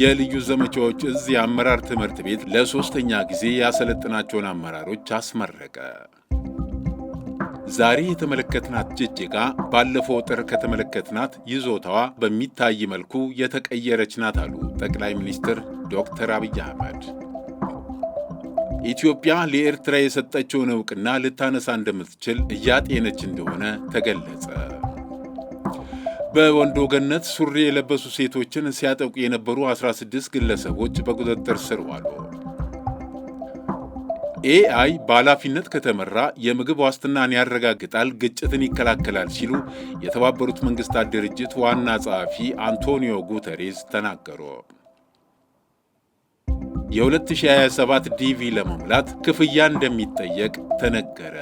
የልዩ ዘመቻዎች እዝ የአመራር ትምህርት ቤት ለሶስተኛ ጊዜ ያሰለጥናቸውን አመራሮች አስመረቀ። ዛሬ የተመለከትናት ጅጅጋ ባለፈው ጥር ከተመለከትናት ይዞታዋ በሚታይ መልኩ የተቀየረች ናት አሉ ጠቅላይ ሚኒስትር ዶክተር አብይ አህመድ። ኢትዮጵያ ለኤርትራ የሰጠችውን እውቅና ልታነሳ እንደምትችል እያጤነች እንደሆነ ተገለጸ። በወንዶ ገነት ሱሪ የለበሱ ሴቶችን ሲያጠቁ የነበሩ 16 ግለሰቦች በቁጥጥር ስር ዋሉ። ኤአይ በኃላፊነት ከተመራ የምግብ ዋስትናን ያረጋግጣል፣ ግጭትን ይከላከላል ሲሉ የተባበሩት መንግስታት ድርጅት ዋና ጸሐፊ አንቶኒዮ ጉተሬዝ ተናገሩ። የ2027 ዲቪ ለመሙላት ክፍያ እንደሚጠየቅ ተነገረ።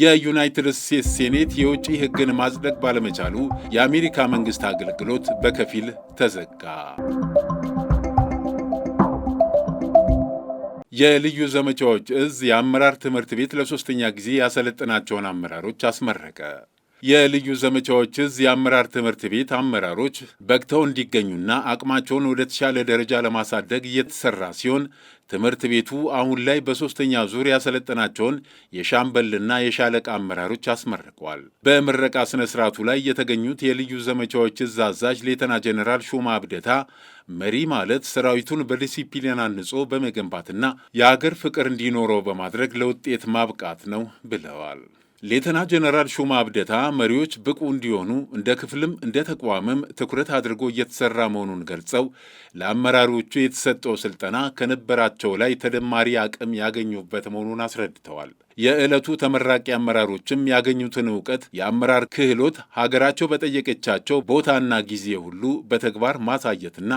የዩናይትድ ስቴትስ ሴኔት የውጭ ሕግን ማጽደቅ ባለመቻሉ የአሜሪካ መንግሥት አገልግሎት በከፊል ተዘጋ። የልዩ ዘመቻዎች እዝ የአመራር ትምህርት ቤት ለሦስተኛ ጊዜ ያሰለጠናቸውን አመራሮች አስመረቀ። የልዩ ዘመቻዎች እዝ የአመራር ትምህርት ቤት አመራሮች በግተው እንዲገኙና አቅማቸውን ወደ ተሻለ ደረጃ ለማሳደግ እየተሰራ ሲሆን ትምህርት ቤቱ አሁን ላይ በሶስተኛ ዙር ያሰለጠናቸውን የሻምበልና የሻለቃ አመራሮች አስመርቀዋል። በምረቃ ስነ ስርዓቱ ላይ የተገኙት የልዩ ዘመቻዎች እዝ አዛዥ ሌተና ጀኔራል ሹማ አብደታ መሪ ማለት ሰራዊቱን በዲሲፕሊን አንጾ በመገንባትና የአገር ፍቅር እንዲኖረው በማድረግ ለውጤት ማብቃት ነው ብለዋል። ሌተና ጀነራል ሹማ አብደታ መሪዎች ብቁ እንዲሆኑ እንደ ክፍልም እንደ ተቋምም ትኩረት አድርጎ እየተሰራ መሆኑን ገልጸው ለአመራሮቹ የተሰጠው ስልጠና ከነበራቸው ላይ ተደማሪ አቅም ያገኙበት መሆኑን አስረድተዋል። የዕለቱ ተመራቂ አመራሮችም ያገኙትን እውቀት፣ የአመራር ክህሎት ሀገራቸው በጠየቀቻቸው ቦታና ጊዜ ሁሉ በተግባር ማሳየትና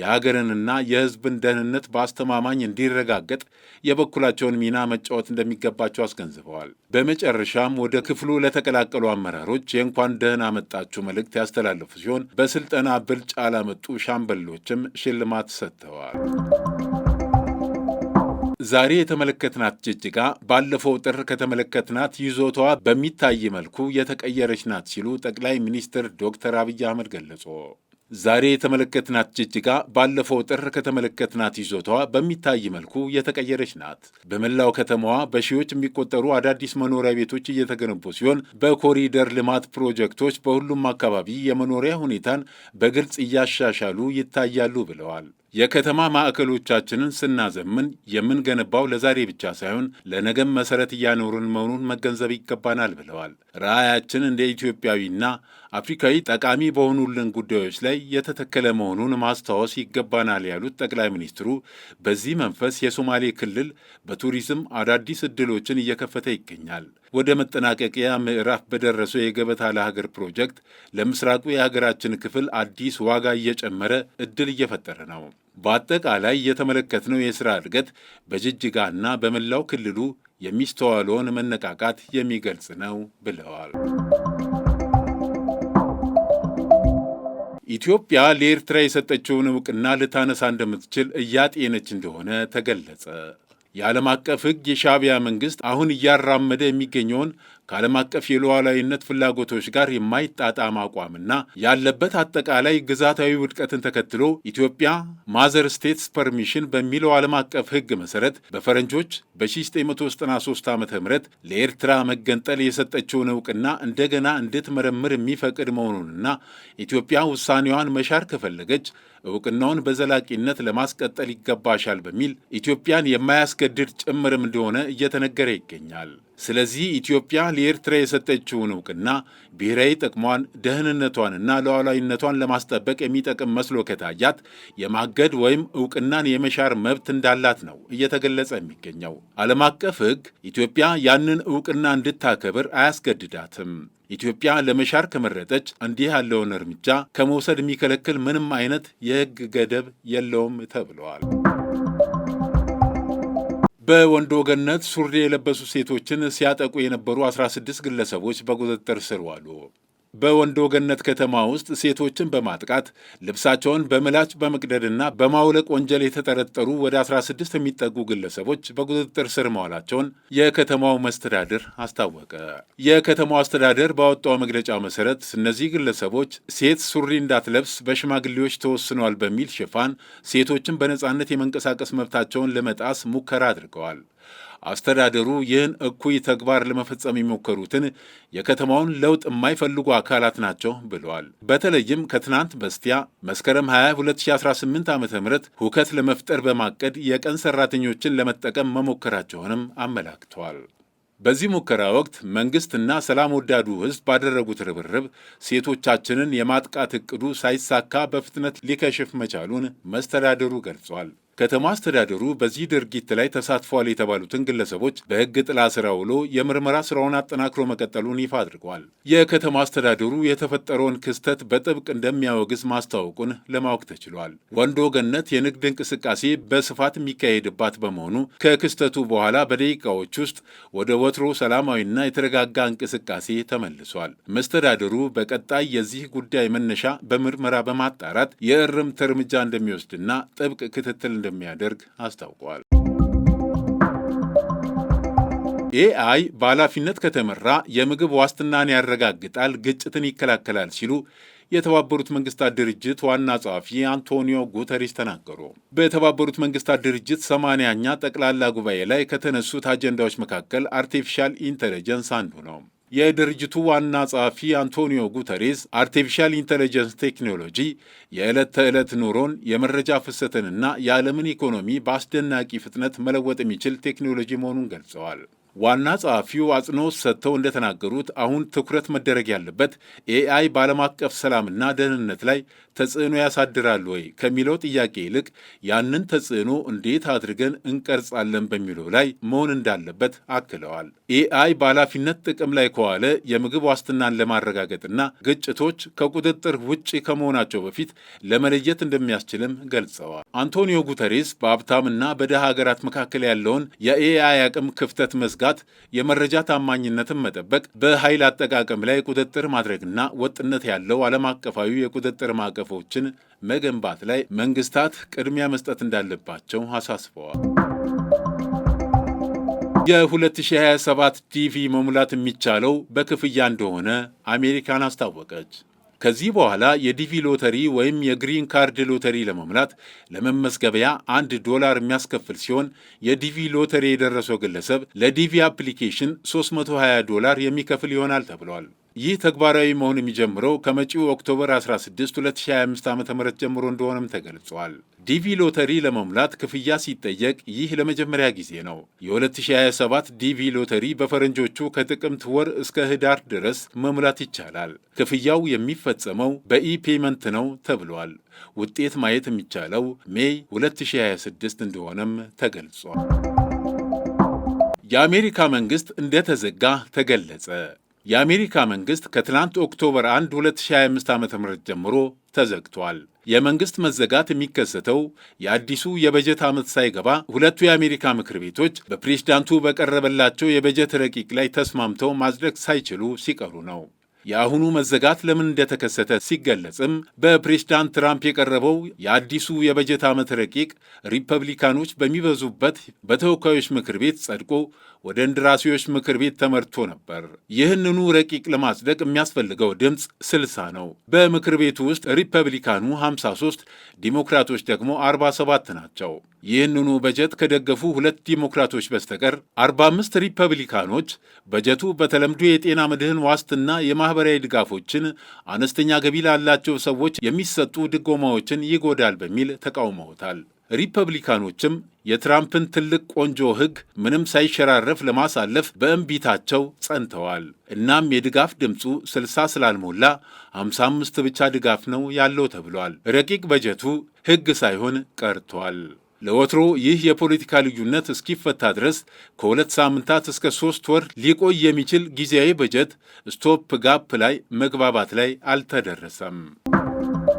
የሀገርንና የሕዝብን ደህንነት በአስተማማኝ እንዲረጋገጥ የበኩላቸውን ሚና መጫወት እንደሚገባቸው አስገንዝበዋል። በመጨረሻም ወደ ክፍሉ ለተቀላቀሉ አመራሮች የእንኳን ደህና መጣችሁ መልእክት ያስተላለፉ ሲሆን በስልጠና ብልጫ ላመጡ ሻምበሎችም ሽልማት ሰጥተዋል። ዛሬ የተመለከትናት ጅጅጋ ባለፈው ጥር ከተመለከትናት ይዞታዋ በሚታይ መልኩ የተቀየረች ናት ሲሉ ጠቅላይ ሚኒስትር ዶክተር አብይ አህመድ ገለጹ። ዛሬ የተመለከትናት ጅጅጋ ባለፈው ጥር ከተመለከትናት ይዞታዋ በሚታይ መልኩ የተቀየረች ናት። በመላው ከተማዋ በሺዎች የሚቆጠሩ አዳዲስ መኖሪያ ቤቶች እየተገነቡ ሲሆን በኮሪደር ልማት ፕሮጀክቶች በሁሉም አካባቢ የመኖሪያ ሁኔታን በግልጽ እያሻሻሉ ይታያሉ ብለዋል። የከተማ ማዕከሎቻችንን ስናዘምን የምንገነባው ለዛሬ ብቻ ሳይሆን ለነገም መሰረት እያኖርን መሆኑን መገንዘብ ይገባናል ብለዋል። ራዕያችን እንደ ኢትዮጵያዊና አፍሪካዊ ጠቃሚ በሆኑልን ጉዳዮች ላይ የተተከለ መሆኑን ማስታወስ ይገባናል ያሉት ጠቅላይ ሚኒስትሩ በዚህ መንፈስ የሶማሌ ክልል በቱሪዝም አዳዲስ እድሎችን እየከፈተ ይገኛል። ወደ መጠናቀቂያ ምዕራፍ በደረሰው የገበታ ለሀገር ፕሮጀክት ለምስራቁ የሀገራችን ክፍል አዲስ ዋጋ እየጨመረ እድል እየፈጠረ ነው። በአጠቃላይ የተመለከትነው የሥራ እድገት በጅጅጋና በመላው ክልሉ የሚስተዋለውን መነቃቃት የሚገልጽ ነው ብለዋል። ኢትዮጵያ ለኤርትራ የሰጠችውን እውቅና ልታነሳ እንደምትችል እያጤነች እንደሆነ ተገለጸ። የዓለም አቀፍ ሕግ የሻቢያ መንግሥት አሁን እያራመደ የሚገኘውን ከዓለም አቀፍ የሉዓላዊነት ፍላጎቶች ጋር የማይጣጣም አቋምና ያለበት አጠቃላይ ግዛታዊ ውድቀትን ተከትሎ ኢትዮጵያ ማዘር ስቴትስ ፐርሚሽን በሚለው ዓለም አቀፍ ሕግ መሠረት በፈረንጆች በ1993 ዓ ም ለኤርትራ መገንጠል የሰጠችውን እውቅና እንደገና እንድትመረምር የሚፈቅድ መሆኑንና ኢትዮጵያ ውሳኔዋን መሻር ከፈለገች እውቅናውን በዘላቂነት ለማስቀጠል ይገባሻል በሚል ኢትዮጵያን የማያስገድድ ጭምርም እንደሆነ እየተነገረ ይገኛል። ስለዚህ ኢትዮጵያ ለኤርትራ የሰጠችውን እውቅና ብሔራዊ ጥቅሟን፣ ደህንነቷንና ሉዓላዊነቷን ለማስጠበቅ የሚጠቅም መስሎ ከታያት የማገድ ወይም እውቅናን የመሻር መብት እንዳላት ነው እየተገለጸ የሚገኘው። ዓለም አቀፍ ሕግ ኢትዮጵያ ያንን እውቅና እንድታከብር አያስገድዳትም። ኢትዮጵያ ለመሻር ከመረጠች እንዲህ ያለውን እርምጃ ከመውሰድ የሚከለክል ምንም አይነት የሕግ ገደብ የለውም ተብለዋል። በወንዶ ገነት ሱሪ የለበሱ ሴቶችን ሲያጠቁ የነበሩ 16 ግለሰቦች በቁጥጥር ስር ዋሉ። በወንዶ ገነት ከተማ ውስጥ ሴቶችን በማጥቃት ልብሳቸውን በምላጭ በመቅደድና በማውለቅ ወንጀል የተጠረጠሩ ወደ 16 የሚጠጉ ግለሰቦች በቁጥጥር ስር መዋላቸውን የከተማው መስተዳድር አስታወቀ። የከተማው አስተዳደር ባወጣው መግለጫ መሰረት እነዚህ ግለሰቦች ሴት ሱሪ እንዳትለብስ በሽማግሌዎች ተወስኗል በሚል ሽፋን ሴቶችን በነጻነት የመንቀሳቀስ መብታቸውን ለመጣስ ሙከራ አድርገዋል። አስተዳደሩ ይህን እኩይ ተግባር ለመፈጸም የሚሞከሩትን የከተማውን ለውጥ የማይፈልጉ አካላት ናቸው ብለዋል። በተለይም ከትናንት በስቲያ መስከረም 20 2018 ዓ ም ሁከት ለመፍጠር በማቀድ የቀን ሰራተኞችን ለመጠቀም መሞከራቸውንም አመላክተዋል። በዚህ ሙከራ ወቅት መንግሥትና ሰላም ወዳዱ ሕዝብ ባደረጉት ርብርብ ሴቶቻችንን የማጥቃት ዕቅዱ ሳይሳካ በፍጥነት ሊከሽፍ መቻሉን መስተዳደሩ ገልጿል። ከተማ አስተዳደሩ በዚህ ድርጊት ላይ ተሳትፏል የተባሉትን ግለሰቦች በሕግ ጥላ ስር አውሎ የምርመራ ስራውን አጠናክሮ መቀጠሉን ይፋ አድርጓል። የከተማ አስተዳደሩ የተፈጠረውን ክስተት በጥብቅ እንደሚያወግዝ ማስታወቁን ለማወቅ ተችሏል። ወንዶ ገነት የንግድ እንቅስቃሴ በስፋት የሚካሄድባት በመሆኑ ከክስተቱ በኋላ በደቂቃዎች ውስጥ ወደ ወትሮ ሰላማዊና የተረጋጋ እንቅስቃሴ ተመልሷል። መስተዳደሩ በቀጣይ የዚህ ጉዳይ መነሻ በምርመራ በማጣራት የእርምት እርምጃ እንደሚወስድና ጥብቅ ክትትል እንደሚያደርግ አስታውቋል። ኤአይ በኃላፊነት ከተመራ የምግብ ዋስትናን ያረጋግጣል፣ ግጭትን ይከላከላል ሲሉ የተባበሩት መንግስታት ድርጅት ዋና ጸሐፊ አንቶኒዮ ጉተሪስ ተናገሩ። በተባበሩት መንግስታት ድርጅት ሰማንያኛ ጠቅላላ ጉባኤ ላይ ከተነሱት አጀንዳዎች መካከል አርቲፊሻል ኢንተለጀንስ አንዱ ነው። የድርጅቱ ዋና ጸሐፊ አንቶኒዮ ጉተሬስ አርቲፊሻል ኢንቴሊጀንስ ቴክኖሎጂ የዕለት ተዕለት ኑሮን የመረጃ ፍሰትንና የዓለምን ኢኮኖሚ በአስደናቂ ፍጥነት መለወጥ የሚችል ቴክኖሎጂ መሆኑን ገልጸዋል። ዋና ጸሐፊው አጽንኦት ሰጥተው እንደተናገሩት አሁን ትኩረት መደረግ ያለበት ኤአይ በዓለም አቀፍ ሰላምና ደህንነት ላይ ተጽዕኖ ያሳድራል ወይ ከሚለው ጥያቄ ይልቅ ያንን ተጽዕኖ እንዴት አድርገን እንቀርጻለን በሚለው ላይ መሆን እንዳለበት አክለዋል። ኤአይ በኃላፊነት ጥቅም ላይ ከዋለ የምግብ ዋስትናን ለማረጋገጥና ግጭቶች ከቁጥጥር ውጪ ከመሆናቸው በፊት ለመለየት እንደሚያስችልም ገልጸዋል። አንቶኒዮ ጉተሬስ በሀብታምና በድሃ ሀገራት መካከል ያለውን የኤአይ አቅም ክፍተት መዝጋ ማውጣት፣ የመረጃ ታማኝነትን መጠበቅ፣ በኃይል አጠቃቀም ላይ ቁጥጥር ማድረግና ወጥነት ያለው ዓለም አቀፋዊ የቁጥጥር ማዕቀፎችን መገንባት ላይ መንግስታት ቅድሚያ መስጠት እንዳለባቸው አሳስበዋል። የ2027 ዲቪ መሙላት የሚቻለው በክፍያ እንደሆነ አሜሪካን አስታወቀች። ከዚህ በኋላ የዲቪ ሎተሪ ወይም የግሪን ካርድ ሎተሪ ለመሙላት ለመመዝገቢያ አንድ ዶላር የሚያስከፍል ሲሆን የዲቪ ሎተሪ የደረሰው ግለሰብ ለዲቪ አፕሊኬሽን 320 ዶላር የሚከፍል ይሆናል ተብሏል። ይህ ተግባራዊ መሆን የሚጀምረው ከመጪው ኦክቶበር 16 2025 ዓ ም ጀምሮ እንደሆነም ተገልጿል። ዲቪ ሎተሪ ለመሙላት ክፍያ ሲጠየቅ ይህ ለመጀመሪያ ጊዜ ነው። የ2027 ዲቪ ሎተሪ በፈረንጆቹ ከጥቅምት ወር እስከ ህዳር ድረስ መሙላት ይቻላል። ክፍያው የሚፈጸመው በኢፔመንት ነው ተብሏል። ውጤት ማየት የሚቻለው ሜይ 2026 እንደሆነም ተገልጿል። የአሜሪካ መንግሥት እንደተዘጋ ተገለጸ። የአሜሪካ መንግሥት ከትላንት ኦክቶበር 1 2025 ዓ ም ጀምሮ ተዘግቷል። የመንግሥት መዘጋት የሚከሰተው የአዲሱ የበጀት ዓመት ሳይገባ ሁለቱ የአሜሪካ ምክር ቤቶች በፕሬዝዳንቱ በቀረበላቸው የበጀት ረቂቅ ላይ ተስማምተው ማጽደቅ ሳይችሉ ሲቀሩ ነው። የአሁኑ መዘጋት ለምን እንደተከሰተ ሲገለጽም በፕሬዝዳንት ትራምፕ የቀረበው የአዲሱ የበጀት ዓመት ረቂቅ ሪፐብሊካኖች በሚበዙበት በተወካዮች ምክር ቤት ጸድቆ ወደ እንደራሴዎች ምክር ቤት ተመርቶ ነበር። ይህንኑ ረቂቅ ለማጽደቅ የሚያስፈልገው ድምፅ 60 ነው። በምክር ቤቱ ውስጥ ሪፐብሊካኑ 53፣ ዲሞክራቶች ደግሞ 47 ናቸው። ይህንኑ በጀት ከደገፉ ሁለት ዲሞክራቶች በስተቀር 45 ሪፐብሊካኖች በጀቱ በተለምዶ የጤና መድህን ዋስትና፣ የማኅበራዊ ድጋፎችን፣ አነስተኛ ገቢ ላላቸው ሰዎች የሚሰጡ ድጎማዎችን ይጎዳል በሚል ተቃውመውታል። ሪፐብሊካኖችም የትራምፕን ትልቅ ቆንጆ ሕግ ምንም ሳይሸራረፍ ለማሳለፍ በእምቢታቸው ጸንተዋል። እናም የድጋፍ ድምፁ 60 ስላልሞላ 55 ብቻ ድጋፍ ነው ያለው ተብሏል። ረቂቅ በጀቱ ሕግ ሳይሆን ቀርቷል። ለወትሮ ይህ የፖለቲካ ልዩነት እስኪፈታ ድረስ ከሁለት ሳምንታት እስከ ሶስት ወር ሊቆይ የሚችል ጊዜያዊ በጀት ስቶፕ ጋፕ ላይ መግባባት ላይ አልተደረሰም።